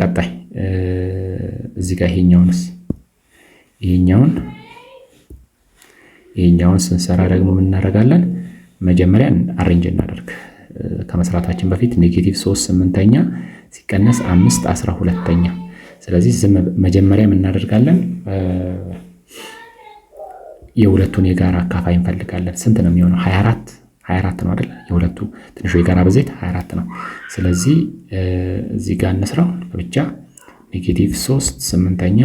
ቀጣይ እዚህ ጋር ይሄኛውንስ ይሄኛውን ይሄኛውን ስንሰራ ደግሞ ምን እናደርጋለን? መጀመሪያ አሬንጅ እናደርግ። ከመስራታችን በፊት ኔጌቲቭ ሶስት ስምንተኛ ሲቀነስ አምስት አስራ ሁለተኛ ስለዚህ መጀመሪያ ምን እናደርጋለን? የሁለቱን የጋራ አካፋይ እንፈልጋለን። ስንት ነው የሚሆነው? 24 24 ነው አይደል? የሁለቱ ትንሹ የጋራ ብዜት 24 ነው። ስለዚህ እዚህ ጋር እንስራው ብቻ ኔጌቲቭ 3 ስምንተኛ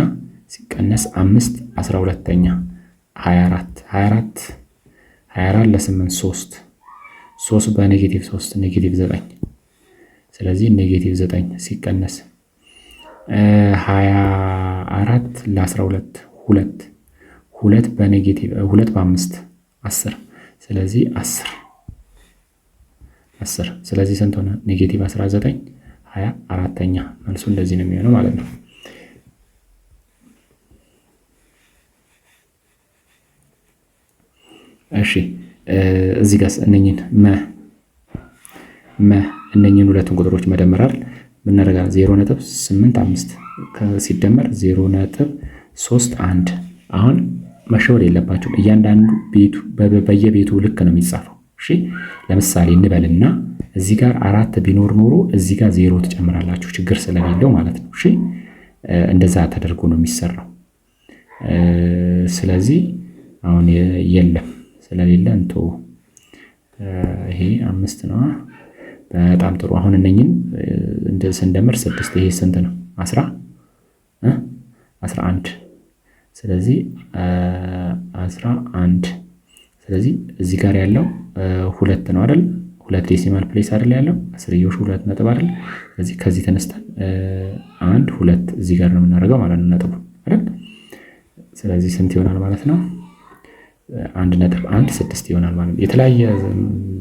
ሲቀነስ 5 12ኛ 24 24 24 ለ8 3 3 በኔጌቲቭ 3 ኔጌቲቭ 9 ስለዚህ ኔጌቲቭ 9 ሲቀነስ 24 ለ12 2 2 በኔጌቲቭ 2 በ5 10 ስለዚህ 10 10 ስለዚህ ስንት ሆነ? ኔጌቲቭ 19 20 አራተኛ መልሱ እንደዚህ ነው የሚሆነው ማለት ነው። እሺ እዚህ ጋር እነኝን መ መ እነኝን ሁለቱን ቁጥሮች መደመር አይደል ምናደርጋ 0.85 ሲደመር 0.31 አሁን መሸወድ የለባቸውም እያንዳንዱ ቤቱ በየቤቱ ልክ ነው የሚጻፈው እሺ ለምሳሌ እንበልና እዚህ ጋር አራት ቢኖር ኖሮ እዚህ ጋር ዜሮ ትጨምራላችሁ ችግር ስለሌለው ማለት ነው። እሺ እንደዛ ተደርጎ ነው የሚሰራው። ስለዚህ አሁን የለም ስለሌለ እንቶ ይሄ አምስት ነ በጣም ጥሩ። አሁን እነኝን ስንደምር ስድስት ይሄ ስንት ነው? አስራ አስራ አንድ ስለዚህ አስራ አንድ ስለዚህ እዚህ ጋር ያለው ሁለት ነው አይደል? ሁለት ዴሲማል ፕሌስ አይደል ያለው አስርዮሹ ሁለት ነጥብ አይደል? ስለዚህ ከዚህ ተነስተን አንድ ሁለት እዚህ ጋር ነው የምናደርገው ማለት ነው ነጥቡ አይደል? ስለዚህ ስንት ይሆናል ማለት ነው? አንድ ነጥብ አንድ ስድስት ይሆናል ማለት ነው። የተለያየ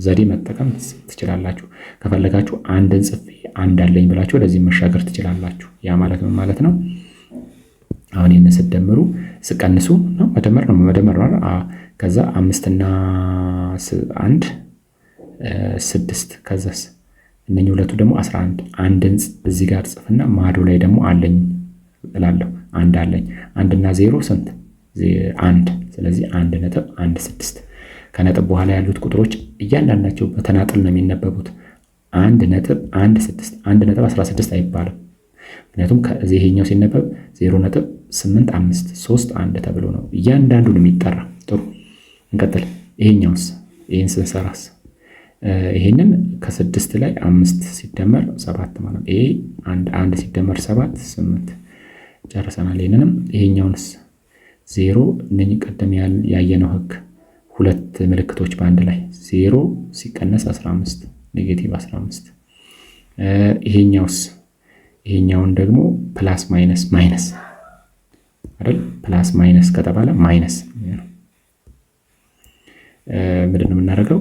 ዘዴ መጠቀም ትችላላችሁ። ከፈለጋችሁ አንድን ጽፌ አንድ አለኝ ብላችሁ ወደዚህ መሻገር ትችላላችሁ። ያ ማለት ምን ማለት ነው? አሁን ይህን ስደምሩ ስቀንሱ ነው መደመር ነው መደመር ነው። ከዛ አምስትና አንድ ስድስት ከዛስ እነኚህ ሁለቱ ደግሞ አስራ አንድ አንድን እዚህ ጋር ጽፍና ማዶ ላይ ደግሞ አለኝ እላለሁ። አንድ አለኝ አንድና ዜሮ ስንት አንድ። ስለዚህ አንድ ነጥብ አንድ ስድስት ከነጥብ በኋላ ያሉት ቁጥሮች እያንዳንዳቸው በተናጥል ነው የሚነበቡት። አንድ ነጥብ አንድ ስድስት አንድ ነጥብ አስራ ስድስት አይባልም። ምክንያቱም ከዚህ ይሄኛው ሲነበብ 0.8531 ተብሎ ነው እያንዳንዱ ነው የሚጠራ። ጥሩ እንቀጥል። ይሄኛውስ ይህን ስንሰራስ ይሄንን ከስድስት ላይ አምስት ሲደመር ሰባት ማለት ነው። ይሄ አንድ አንድ ሲደመር ሰባት ስምንት ጨርሰናል። ይህንንም ይሄኛውንስ ዜሮ እነኝ ቀደም ያየነው ህግ ሁለት ምልክቶች በአንድ ላይ ዜሮ ሲቀነስ 15 ኔጌቲቭ 15 ይሄኛውስ ይሄኛውን ደግሞ ፕላስ ማይነስ ማይነስ አይደል? ፕላስ ማይነስ ከተባለ ማይነስ ምንድን ነው የምናደርገው?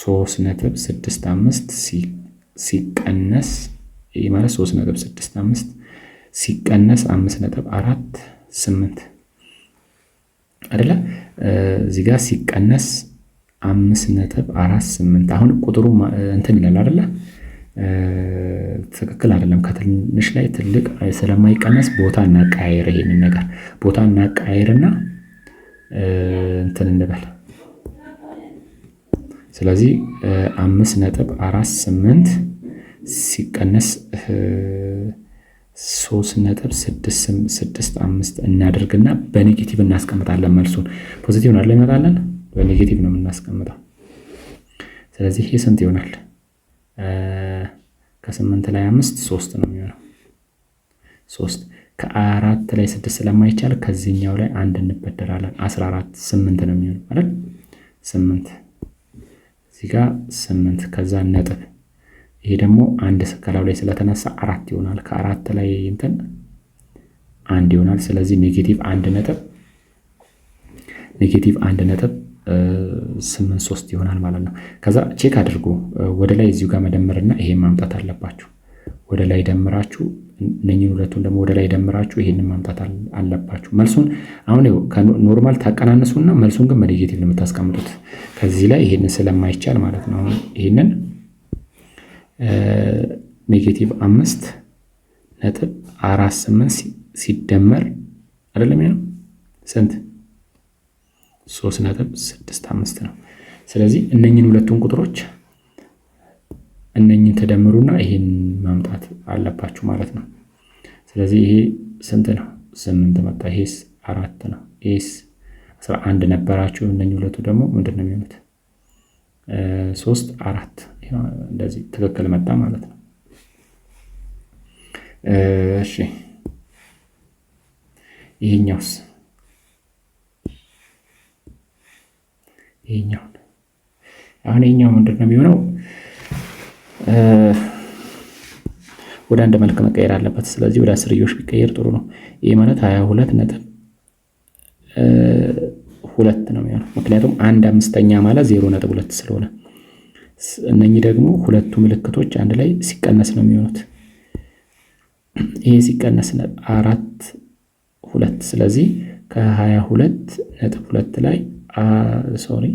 ሶስት ነጥብ ስድስት አምስት ሲቀነስ ይህ ማለት ሶስት ነጥብ ስድስት አምስት ሲቀነስ አምስት ነጥብ አራት ስምንት አይደለ? እዚህ ጋር ሲቀነስ አምስት ነጥብ አራት ስምንት አሁን ቁጥሩ እንትን ይላል አይደለ? ትክክል አይደለም። ከትንሽ ላይ ትልቅ ስለማይቀነስ ቦታ እናቀያየር። ይሄንን ነገር ቦታ እናቀያይርና እንትን እንበል። ስለዚህ አምስት ነጥብ አራት ስምንት ሲቀነስ ሶስት ነጥብ ስድስት አምስት እናደርግና በኔጌቲቭ እናስቀምጣለን። መልሱን ፖዚቲቭ ነው አይደል? ይመጣለን። በኔጌቲቭ ነው የምናስቀምጠው። ስለዚህ ይሄ ስንት ይሆናል? ከስምንት ላይ አምስት ሶስት ነው የሚሆነው። ሶስት ከአራት ላይ ስድስት ስለማይቻል ከዚህኛው ላይ አንድ እንበደራለን። አስራ አራት ስምንት ነው የሚሆነው አይደል? ስምንት እዚህ ጋር ስምንት ከዛ ነጥብ። ይሄ ደግሞ አንድ ከላዩ ላይ ስለተነሳ አራት ይሆናል። ከአራት ላይ እንትን አንድ ይሆናል። ስለዚህ ኔጌቲቭ አንድ ነጥብ ኔጌቲቭ አንድ ነጥብ ስምንት ሶስት ይሆናል ማለት ነው። ከዛ ቼክ አድርጉ ወደ ላይ እዚሁ ጋር መደመርና ይሄን ማምጣት አለባችሁ። ወደ ላይ ደምራችሁ እነኝን ሁለቱን ደግሞ ወደ ላይ ደምራችሁ ይሄን ማምጣት አለባችሁ። መልሱን አሁን ኖርማል ታቀናንሱና መልሱን ግን በኔጌቲቭ ነው የምታስቀምጡት። ከዚህ ላይ ይሄንን ስለማይቻል ማለት ነው። ይሄንን ኔጌቲቭ አምስት ነጥብ አራት ስምንት ሲደመር አይደለም ነው ስንት ሶስት ነጥብ ስድስት አምስት ነው። ስለዚህ እነኝን ሁለቱን ቁጥሮች እነኝን ተደምሩና ይህን ማምጣት አለባችሁ ማለት ነው። ስለዚህ ይሄ ስንት ነው? ስምንት መጣ። ይሄስ አራት ነው። ይሄስ አስራ አንድ ነበራችሁ። እነኝህ ሁለቱ ደግሞ ምንድን ነው የሚሆኑት? ሶስት አራት። እንደዚህ ትክክል መጣ ማለት ነው። እሺ ይሄኛውስ ይሄኛው አሁን ይሄኛው ምንድን ነው የሚሆነው? ወደ አንድ መልክ መቀየር አለበት። ስለዚህ ወደ አስርዮሽ ቢቀየር ጥሩ ነው። ይህ ማለት ሀያ ሁለት ነጥብ ሁለት ነው የሚሆነው ምክንያቱም አንድ አምስተኛ ማለት ዜሮ ነጥብ ሁለት ስለሆነ እነኚህ ደግሞ ሁለቱ ምልክቶች አንድ ላይ ሲቀነስ ነው የሚሆኑት። ይሄ ሲቀነስ አራት ሁለት ስለዚህ ከሀያ ሁለት ነጥብ ሁለት ላይ ሶሪ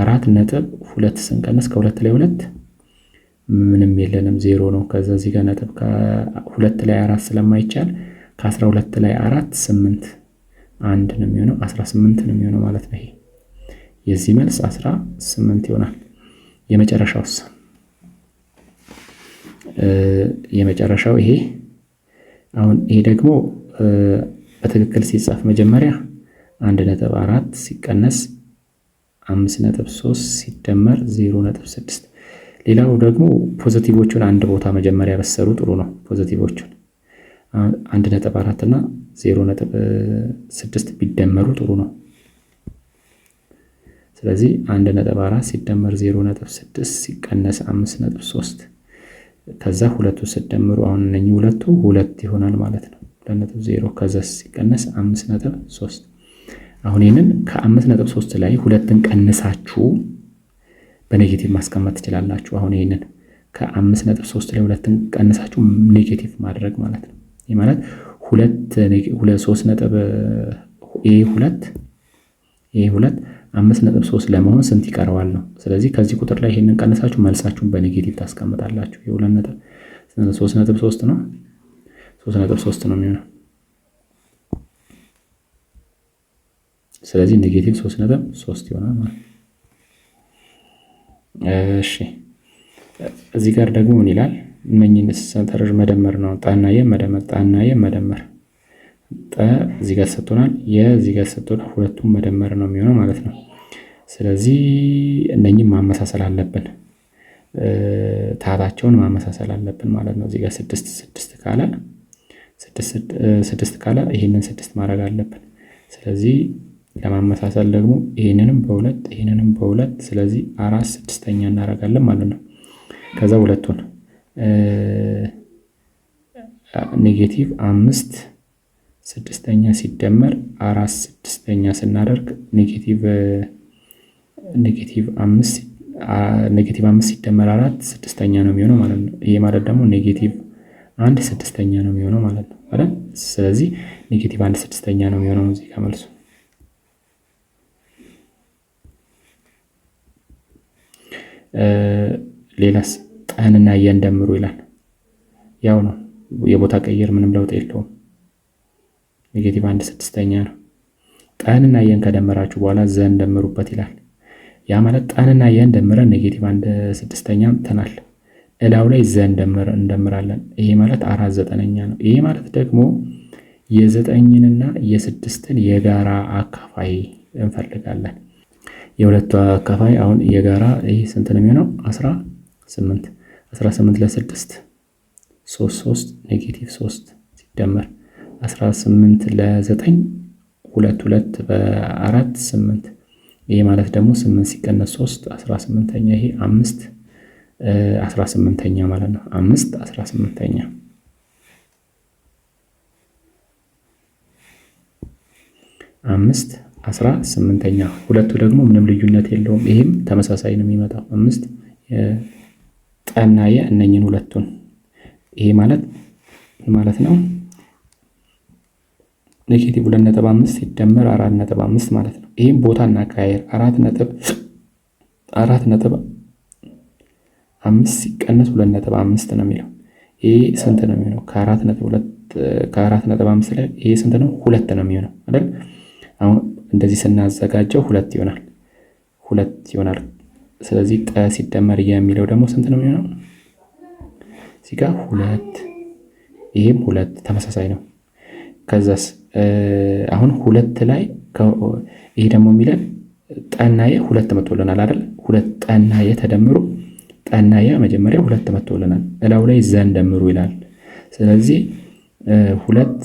አራት ነጥብ ሁለት ስንቀንስ ከሁለት ላይ ሁለት ምንም የለንም ዜሮ ነው። ከዛ እዚህ ጋር ነጥብ ከሁለት ላይ አራት ስለማይቻል ከአስራ ሁለት ላይ አራት ስምንት አንድ ነው የሚሆነው አስራ ስምንት ነው የሚሆነው ማለት ነው። ይሄ የዚህ መልስ አስራ ስምንት ይሆናል። የመጨረሻውስ የመጨረሻው ይሄ አሁን ይሄ ደግሞ በትክክል ሲጻፍ መጀመሪያ አንድ ነጥብ አራት ሲቀነስ አምስት ነጥብ ሶስት ሲደመር ዜሮ ነጥብ ስድስት ሌላው ደግሞ ፖዘቲቮቹን አንድ ቦታ መጀመሪያ በሰሩ ጥሩ ነው። ፖዘቲቮቹን አንድ ነጥብ አራት እና ዜሮ ነጥብ ስድስት ቢደመሩ ጥሩ ነው። ስለዚህ አንድ ነጥብ አራት ሲደመር ዜሮ ነጥብ ስድስት ሲቀነስ አምስት ነጥብ ሶስት ከዛ ሁለቱ ስደምሩ አሁን እነኚህ ሁለቱ ሁለት ይሆናል ማለት ነው። ሁለት ነጥብ ዜሮ ከዛ ሲቀነስ አምስት ነጥብ ሶስት አሁን ይህንን ከአምስት ነጥብ ሶስት ላይ ሁለትን ቀንሳችሁ በኔጌቲቭ ማስቀመጥ ትችላላችሁ። አሁን ይህንን ከአምስት ነጥብ ሶስት ላይ ሁለትን ቀንሳችሁ ኔጌቲቭ ማድረግ ማለት ነው። ይህ ማለት ሁለት ሶስት ነጥብ ይህ ሁለት ይህ ሁለት አምስት ነጥብ ሶስት ለመሆን ስንት ይቀረዋል ነው። ስለዚህ ከዚህ ቁጥር ላይ ይህንን ቀንሳችሁ መልሳችሁን በኔጌቲቭ ታስቀምጣላችሁ። የሁለት ነጥብ ሶስት ነጥብ ሶስት ነው ሶስት ነጥብ ሶስት ነው የሚሆነው ስለዚህ ኔጌቲቭ ሶስት ነጥብ ሶስት ይሆናል ማለት እሺ እዚህ ጋር ደግሞ ምን ይላል? እነኝን ሰንጠረዥ መደመር ነው። ጣና የ መደመር ጣና የ መደመር ጠ እዚህ ጋር ሰጥቶናል፣ የ እዚህ ጋር ሰጥቶናል። ሁለቱም መደመር ነው የሚሆነው ማለት ነው። ስለዚህ እነኝህን ማመሳሰል አለብን፣ ታታቸውን ማመሳሰል አለብን ማለት ነው። እዚህ ጋር ስድስት ስድስት ካለ ስድስት ካለ ይህንን ስድስት ማድረግ አለብን። ስለዚህ ለማመሳሰል ደግሞ ይህንንም በሁለት ይህንንም በሁለት ስለዚህ አራት ስድስተኛ እናደርጋለን ማለት ነው። ከዛ ሁለቱን ኔጌቲቭ አምስት ስድስተኛ ሲደመር አራት ስድስተኛ ስናደርግ ኔጌቲቭ አምስት አምስት ሲደመር አራት ስድስተኛ ነው የሚሆነው ማለት ነው። ይሄ ማለት ደግሞ ኔጌቲቭ አንድ ስድስተኛ ነው የሚሆነው ማለት ነው። ስለዚህ ኔጌቲቭ አንድ ስድስተኛ ነው የሚሆነው እዚህ ከመልሱ ሌላስ ጠህንና የን ደምሩ ይላል። ያው ነው የቦታ ቀየር ምንም ለውጥ የለውም። ኔጌቲቭ አንድ ስድስተኛ ነው። ጠህንና እየን ከደመራችሁ በኋላ ዘን ደምሩበት ይላል። ያ ማለት ጠህንና እየን ደምረን ኔጌቲቭ አንድ ስድስተኛ ትናል እዳው ላይ ዘን እንደምራለን። ይሄ ማለት አራት ዘጠነኛ ነው። ይሄ ማለት ደግሞ የዘጠኝንና የስድስትን የጋራ አካፋይ እንፈልጋለን። የሁለቱ አካፋይ አሁን የጋራ ይህ ስንት ነው የሚሆነው? 18 18 ለ6 3 3 ኔጌቲቭ 3 ሲደመር 18 ለ9 ሁለት ሁለት በአራት ስምንት ይሄ ማለት ደግሞ ስምንት ሲቀነስ ሶስት አስራ ስምንተኛ ይሄ አምስት አስራ ማለት ነው። አምስት አስራ አምስት አስራ ስምንተኛ ሁለቱ ደግሞ ምንም ልዩነት የለውም። ይህም ተመሳሳይ ነው የሚመጣው አምስት ጠናየ እነኝን ሁለቱን ይሄ ማለት ማለት ነው ኔጌቲቭ ሁለት ነጥብ አምስት ሲደመር አራት ነጥብ አምስት ማለት ነው። ይህም ቦታ እናካሄድ አራት ነጥብ አራት ነጥብ አምስት ሲቀነስ ሁለት ነጥብ አምስት ነው የሚለው ይህ ስንት ነው የሚሆነው? ከአራት ነጥብ አምስት ላይ ይህ ስንት ነው? ሁለት ነው የሚሆነው አይደል? አሁን እንደዚህ ስናዘጋጀው ሁለት ይሆናል ሁለት ይሆናል። ስለዚህ ጠ ሲደመር የሚለው ደግሞ ስንት ነው የሚሆነው? እዚህ ጋር ሁለት፣ ይህም ሁለት ተመሳሳይ ነው። ከዛስ አሁን ሁለት ላይ ይሄ ደግሞ የሚለን ጠና የ ሁለት መቶልናል አይደል? ሁለት ጠና የ ተደምሮ ጠና የ መጀመሪያ ሁለት መቶልናል እላው ላይ ዘን ደምሩ ይላል። ስለዚህ ሁለት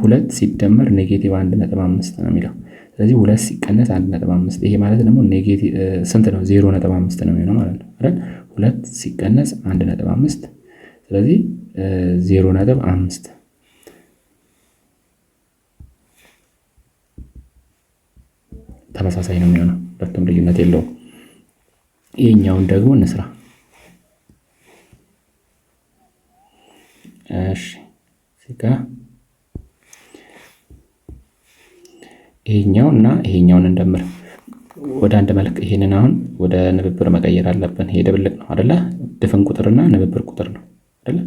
ሁለት ሲደመር ኔጌቲቭ አንድ ነጥብ አምስት ነው የሚለው። ስለዚህ ሁለት ሲቀነስ አንድ ነጥብ አምስት ይሄ ማለት ደግሞ ስንት ነው? ዜሮ ነጥብ አምስት ነው የሚሆነው ማለት ነው አይደል? ሁለት ሲቀነስ አንድ ነጥብ አምስት ስለዚህ ዜሮ ነጥብ አምስት ተመሳሳይ ነው የሚሆነው። ሁለቱም ልዩነት የለውም። ይህኛውን ደግሞ እንስራ። እሺ እዚህ ይሄኛው እና ይሄኛውን እንደምር ወደ አንድ መልክ ይሄንን አሁን ወደ ንብብር መቀየር አለብን። ይሄ ድብልቅ ነው አደለ? ድፍን ቁጥርና ንብብር ቁጥር ነው አደለ?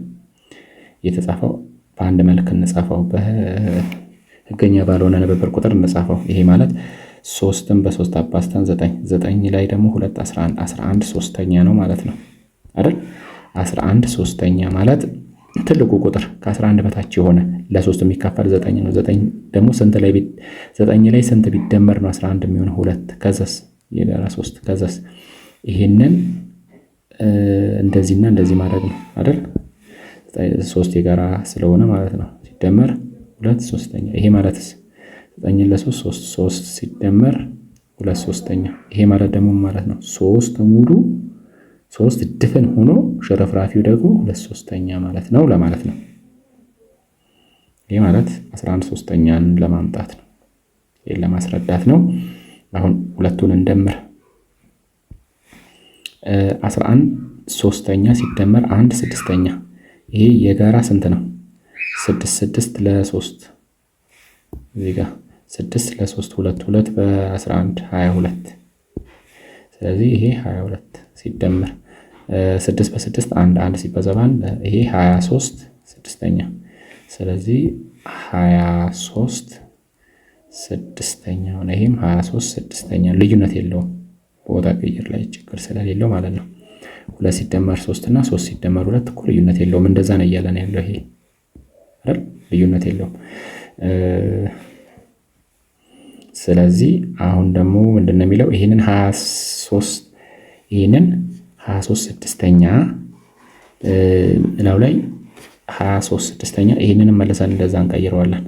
የተጻፈው በአንድ መልክ እንጻፈው፣ በህገኛ ባልሆነ ንብብር ቁጥር እንጻፈው። ይሄ ማለት ሶስትን በሶስት አባስተን ዘጠኝ ዘጠኝ ላይ ደግሞ ሁለት አስራ አንድ ሶስተኛ ነው ማለት ነው አደል? አስራ አንድ ሶስተኛ ማለት ትልቁ ቁጥር ከ11 በታች የሆነ ለሶስት የሚካፈል ዘጠኝ ነው። ዘጠኝ ደግሞ ስንት ላይ ዘጠኝ ላይ ስንት ቢደመር ነው 11 የሚሆነው? ሁለት ከዘስ የጋራ ሶስት ከዘስ ይሄንን እንደዚህና እንደዚህ ማድረግ ነው አይደል? ሶስት የጋራ ስለሆነ ማለት ነው። ሲደመር ሁለት ሶስተኛ። ይሄ ማለትስ ዘጠኝን ለሶስት ሶስት ሶስት ሲደመር ሁለት ሶስተኛ። ይሄ ማለት ደግሞ ማለት ነው ሶስት ሙሉ ሶስት ድፍን ሆኖ ሽረፍራፊው ደግሞ ሁለት ሶስተኛ ማለት ነው ለማለት ነው። ይህ ማለት 11 ሶስተኛን ለማምጣት ነው። ይህን ለማስረዳት ነው። አሁን ሁለቱን እንደምር። 11 ሶስተኛ ሲደመር አንድ ስድስተኛ ይሄ የጋራ ስንት ነው? ስድስት ስድስት ለሶስት እዚህ ጋ ስድስት ለሶስት ሁለት ሁለት በአስራ አንድ ሀያ ሁለት ስለዚህ ይሄ ሀያ ሁለት ሲደመር ስድስት በስድስት አንድ አንድ ሲባዛ በአንድ ይሄ ሀያ ሶስት ስድስተኛ ስለዚህ ሀያ ሶስት ስድስተኛ ሆነ። ይሄም ሀያ ሶስት ስድስተኛ ልዩነት የለውም ቦታ ቅይር ላይ ችግር ስለሌለው ማለት ነው። ሁለት ሲደመር ሶስት እና ሶስት ሲደመር ሁለት እኮ ልዩነት የለውም። እንደዛ ነው እያለ ነው ያለው ይሄ አይደል? ልዩነት የለውም። ስለዚህ አሁን ደግሞ ምንድን ነው የሚለው ይህንን ሀያ ሶስት ይህንን 23 ስድስተኛ እላው ላይ 23 ስድስተኛ ይህንን መለሳል እንደዛ እንቀይረዋለን።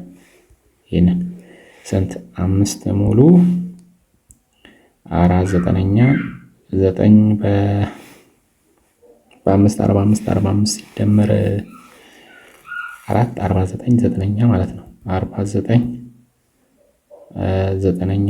ይህንን ስንት አምስት ሙሉ አራት ዘጠነኛ ዘጠኝ በአምስት አርባ አምስት አርባ አምስት ሲደመር አራት አርባ ዘጠኝ ዘጠነኛ ማለት ነው። አርባ ዘጠኝ ዘጠነኛ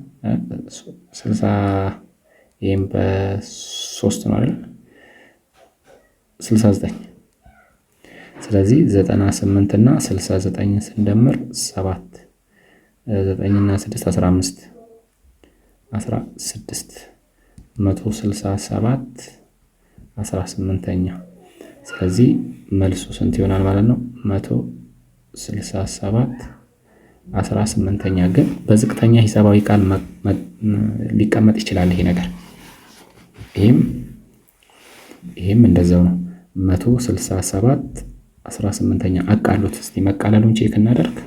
ስልሳ ይህም በሶስት ነው አይደል? ስልሳ ዘጠኝ ስለዚህ ዘጠና ስምንት እና ስልሳ ዘጠኝ ስንደምር ሰባት ስድስት አስራ አምስት አስራ ስድስት መቶ ስልሳ ሰባት አስራ ስምንተኛ ስለዚህ መልሱ ስንት ይሆናል ማለት ነው? መቶ ስልሳ ሰባት አስራ ስምንተኛ ግን በዝቅተኛ ሂሳባዊ ቃል ሊቀመጥ ይችላል ይሄ ነገር። ይህም ይህም እንደዛው ነው። መቶ ስልሳ ሰባት አስራ ስምንተኛ አቃሉት። እስቲ መቃለሉን ቼክ እናደርግ።